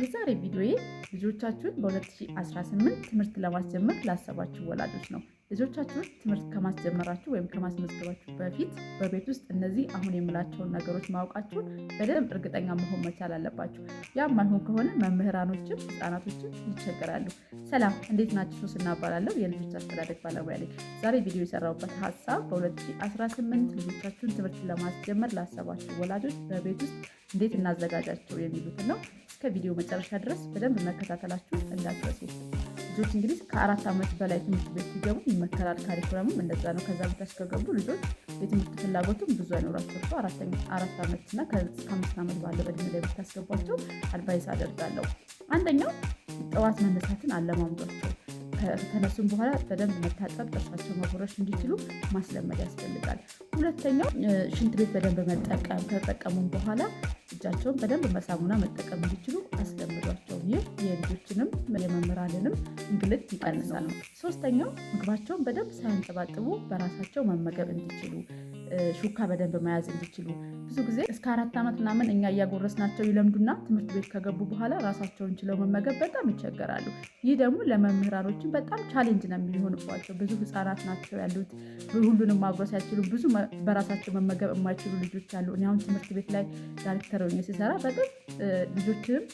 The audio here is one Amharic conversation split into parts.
የዛሬ ቪዲዮዬ ልጆቻችሁን በ2018 ትምህርት ለማስጀመር ላሰባችሁ ወላጆች ነው። ልጆቻችሁን ትምህርት ከማስጀመራችሁ ወይም ከማስመዝገባችሁ በፊት በቤት ውስጥ እነዚህ አሁን የምላቸውን ነገሮች ማወቃችሁን በደንብ እርግጠኛ መሆን መቻል አለባችሁ። ያም ማይሆን ከሆነ መምህራኖችም ህፃናቶችም ይቸገራሉ። ሰላም፣ እንዴት ናችሁ? ሱስ እናባላለሁ የልጆች አስተዳደግ ባለሙያ ላይ ዛሬ ቪዲዮ የሰራሁበት ሀሳብ በ2018 ልጆቻችሁን ትምህርት ለማስጀመር ላሰባችሁ ወላጆች በቤት ውስጥ እንዴት እናዘጋጃቸው የሚሉትን ነው። እስከ ቪዲዮ መጨረሻ ድረስ በደንብ መከታተላችሁ እንዳትረሱ። ልጆች እንግዲህ ከአራት ዓመት በላይ ትምህርት ቤት ሲገቡ ይመከራል። ካሪኩለሙም እንደዛ ነው። ከዛ በታች ከገቡ ልጆች የትምህርት ፍላጎቱም ብዙ አይኖራቸው እርሱ አራት ዓመት እና ከአምስት ዓመት ባለ እድሜ ላይ ብታስገቧቸው አድቫይስ አደርጋለሁ። አንደኛው ጠዋት መነሳትን አለማምጧቸው ከነሱም በኋላ በደንብ መታጠብ ጥርሳቸው መቦረሽ እንዲችሉ ማስለመድ ያስፈልጋል። ሁለተኛው ሽንት ቤት በደንብ መጠቀም ከተጠቀሙም በኋላ እጃቸውን በደንብ መሳሙና መጠቀም እንዲችሉ አስለምዷቸው። ይህ የልጆችንም የመምህራንንም እንግልት ይቀንሳል። ሶስተኛው ምግባቸውን በደንብ ሳያንጠባጥቡ በራሳቸው መመገብ እንዲችሉ ሹካ በደንብ መያዝ እንዲችሉ ብዙ ጊዜ እስከ አራት ዓመት ምናምን እኛ እያጎረስናቸው ይለምዱና ትምህርት ቤት ከገቡ በኋላ ራሳቸውን ችለው መመገብ በጣም ይቸገራሉ። ይህ ደግሞ ለመምህራኖችን በጣም ቻሌንጅ ነው የሚሆንባቸው። ብዙ ህፃናት ናቸው ያሉት። ሁሉንም ማጉረስ አይችሉም። ብዙ በራሳቸው መመገብ የማይችሉ ልጆች አሉ። እኔ አሁን ትምህርት ቤት ላይ ዳይሬክተር ሆኜ ስሰራ በጣም ልጆችንም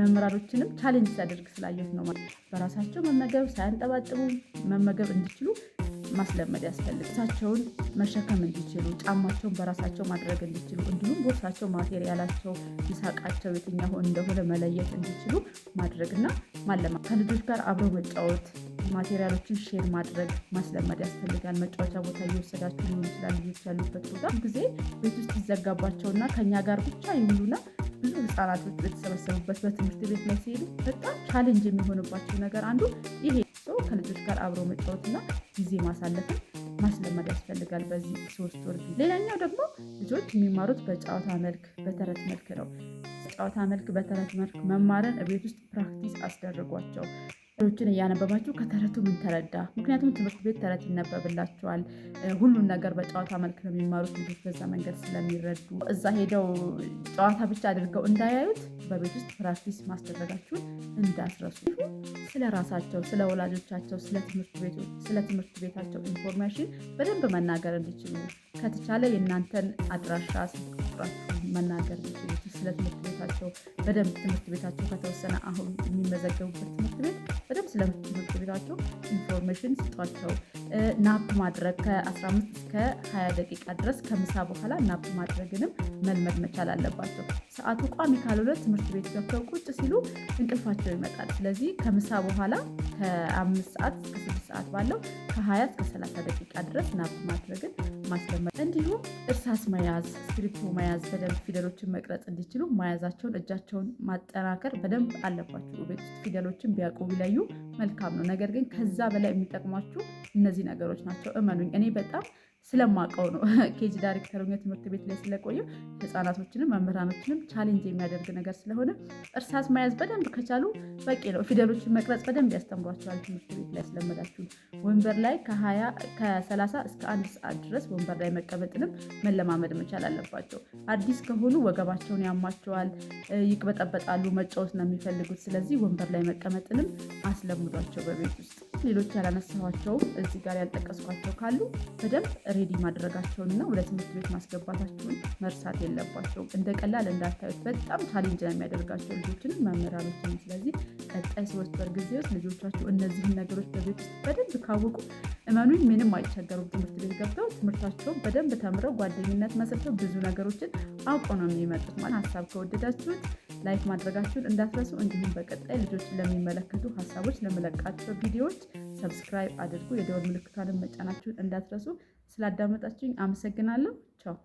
መምህራኖችንም ቻሌንጅ ሲያደርግ ስላየሁት ነው። በራሳቸው መመገብ ሳያንጠባጥቡ መመገብ እንዲችሉ ማስለመድ ያስፈልግ ሳቸውን መሸከም እንዲችሉ ጫማቸውን በራሳቸው ማድረግ እንዲችሉ እንዲሁም ቦርሳቸው ማቴሪያላቸው ይሳቃቸው የትኛው እንደሆነ መለየት እንዲችሉ ማድረግና ማለማ ከልጆች ጋር አብረው መጫወት ማቴሪያሎችን ሼር ማድረግ ማስለመድ ያስፈልጋል። መጫወቻ ቦታ እየወሰዳችሁ ሊሆን ይችላል። ልጆች ያሉበት ቦታ ጊዜ ቤት ውስጥ ይዘጋባቸውና ከኛ ጋር ብቻ ይውሉና ብዙ ህጻናቶች የተሰበሰቡበት በትምህርት ቤት ላይ ሲሄዱ በጣም ቻሌንጅ የሚሆንባቸው ነገር አንዱ ይሄ ከልጆች ጋር አብሮ መጫወትና ጊዜ ማሳለፍ ማስለመድ ያስፈልጋል በዚህ ሶስት ወር። ሌላኛው ደግሞ ልጆች የሚማሩት በጨዋታ መልክ፣ በተረት መልክ ነው። ጨዋታ መልክ፣ በተረት መልክ መማርን ቤት ውስጥ ፕራክቲስ አስደርጓቸው። ችን እያነበባችሁ ከተረቱ ምን ተረዳ? ምክንያቱም ትምህርት ቤት ተረት ይነበብላቸዋል። ሁሉን ነገር በጨዋታ መልክ ነው የሚማሩት ልጆች በዛ መንገድ ስለሚረዱ እዛ ሄደው ጨዋታ ብቻ አድርገው እንዳያዩት በቤት ውስጥ ፕራክቲስ ማስደረጋችሁን እንዳስረሱ ስለ ራሳቸው፣ ስለ ወላጆቻቸው፣ ስለ ትምህርት ቤታቸው ኢንፎርሜሽን በደንብ መናገር እንዲችሉ ከተቻለ የእናንተን አድራሻ መናገር እንዲችሉ ስለ ትምህርት ቤታቸው በደንብ ትምህርት ቤታቸው ከተወሰነ አሁን የሚመዘገቡበት ትምህርት ቤት በደንብ ስለምትምህርት ቢሏቸው ኢንፎርሜሽን ስጧቸው። ናፕ ማድረግ ከ15 እስከ 20 ደቂቃ ድረስ ከምሳ በኋላ ናፕ ማድረግንም መልመድ መቻል አለባቸው። ሰዓቱ ቋሚ ካልሆነ ትምህርት ቤት ገብተው ቁጭ ሲሉ እንቅልፋቸው ይመጣል። ስለዚህ ከምሳ በኋላ ከአምስት ሰዓት እስከ ስድስት ሰዓት ባለው ከ20 እስከ 30 ደቂቃ ድረስ ናፕ ማድረግን ማስለመድ እንዲሁም እርሳስ መያዝ፣ እስክሪፕቶ መያዝ በደንብ ፊደሎችን መቅረጽ እንዲችሉ መያዛቸውን እጃቸውን ማጠናከር በደንብ አለባቸው። ቤት ውስጥ ፊደሎችን ቢያውቁ ቢለዩ መልካም ነው። ነገር ግን ከዛ በላይ የሚጠቅሟችሁ እነዚህ ነገሮች ናቸው። እመኑኝ እኔ በጣም ስለማውቀው ነው። ኬጂ ዳይሬክተር ትምህርት ቤት ላይ ስለቆየው ህፃናቶችንም መምህራኖችንም ቻሌንጅ የሚያደርግ ነገር ስለሆነ እርሳስ መያዝ በደንብ ከቻሉ በቂ ነው። ፊደሎችን መቅረጽ በደንብ ያስተምሯቸዋል። ትምህርት ቤት ላይ ስለመዳችሁ ወንበር ላይ ከ30 እስከ አንድ ሰዓት ድረስ ወንበር ላይ መቀመጥንም መለማመድ መቻል አለባቸው። አዲስ ከሆኑ ወገባቸውን ያማቸዋል፣ ይቅበጠበጣሉ፣ መጫወት ነው የሚፈልጉት። ስለዚህ ወንበር ላይ መቀመጥንም አስለምዷቸው በቤት ውስጥ። ሌሎች ያላነሳኋቸውም እዚህ ጋር ያልጠቀስኳቸው ካሉ በደንብ ሬዲ ማድረጋቸውንና ወደ ትምህርት ቤት ማስገባታቸውን መርሳት የለባቸውም። እንደ ቀላል እንዳታዩት፣ በጣም ቻሌንጅ ነው የሚያደርጋቸው ልጆችንም መምህራኖችንም። ስለዚህ ቀጣይ ሶስት ወር ጊዜ ውስጥ ልጆቻቸው እነዚህን ነገሮች በቤት ውስጥ በደንብ ካወቁ እመኑኝ ምንም አይቸገሩም። ትምህርት ቤት ገብተው ትምህርታቸውን በደንብ ተምረው ጓደኝነት መስርተው ብዙ ነገሮችን አውቆ ነው የሚመጡት። ማለት ሀሳብ ከወደዳችሁት ላይክ ማድረጋችሁን እንዳትረሱ። እንዲሁም በቀጣይ ልጆች ለሚመለከቱ ሀሳቦች ለመለቃቸው ቪዲዮዎች ሰብስክራይብ አድርጉ። የደወል ምልክቷንም መጫናችሁን እንዳትረሱ። ስላዳመጣችሁኝ አመሰግናለሁ። ቻው